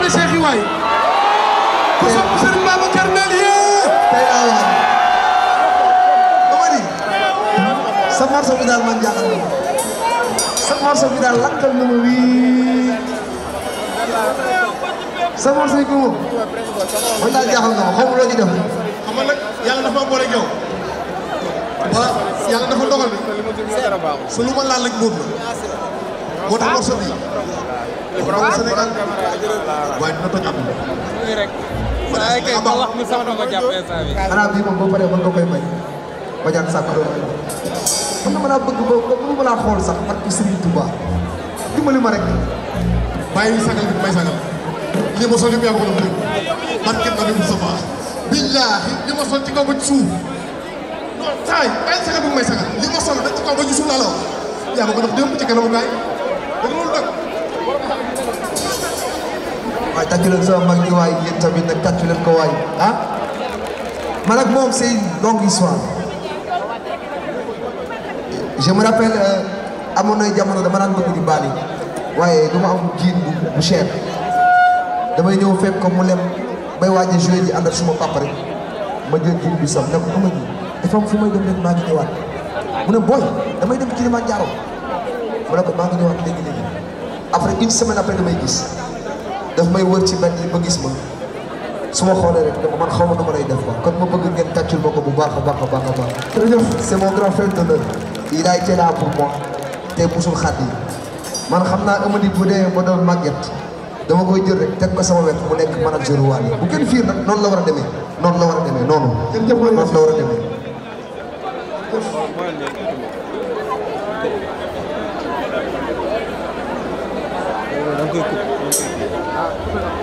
taalibe Cheikh yi waay ku sopp Serigne Babacar mel yee tey aawaa dama ni sa morceau bi daal man jaaxal na sa morceau bi daal lakkal na ma wii sa morceau bi moom man daal jaaxal na ma xaw ma loo ci def xam nga nag yàlla dafa boole yow voilà yàlla dafa dogal bi su lu ma laal rek góob la moo tax morceau bi Orang Sénégal waaye dina toj am. lii rek. waaye kay ma wax ni sama doon ko jàppee saa bi. arab bi moom boo paree mën nga koy may. ba jàng sàkk doon mën na ma laa bëgg dia mën na ma laa xool sax parce que Serigne Touba dimbali ma rek. bàyyi sagal bi may sagal. li ma sol yëpp yaa ko doon dégg. barke na bi Moustapha. billaahi li ma sol ci kaw ba ci suuf. non taay bàyyi sagal bi may sagal. li ma sol da ci kaw ba ci suuf laa la wax. yaa ma ko def démb ci kanamu gaay. da nga loolu nag. waaye tàccu leen sama mag ñi waay yéen tamit nag tàccu leen ko waay ah man ak moom c'est une longue histoire je me rappelle euh, amoon na jamono dama daan bëgg di baali waaye du ma am jiin bu bu cher damay ñëw fekk ko mu lem bay waaj a joué ji ànd ak suma papa ma jël jiin bi sam ne ko ama ji dafa am fu may ngi ñëwaat mu ne booy damay dem Kilimanjaro mu ne ko maa ngi ñëwaat léegi léegi après une semaine après damay gis daf may wër ci mbedd ba gis ma suma ma xoolee rek dama man xaw ma nu ma lay def ko kon ma bëgg ngeen tàccul ma ko bu baax a baax baax baax a baax. jërëjëf c'est mon grand frère d'honneur. il a été là pour moi man xam naa Amady bu dee ba doon màgget dama koy jël rek teg ko sama wet mu nekk man ak jëru waale bu kenn fiir nag noonu la war a demee noonu la war a demee noonu. jërëjëf noonu la war a demee. 후배가 네.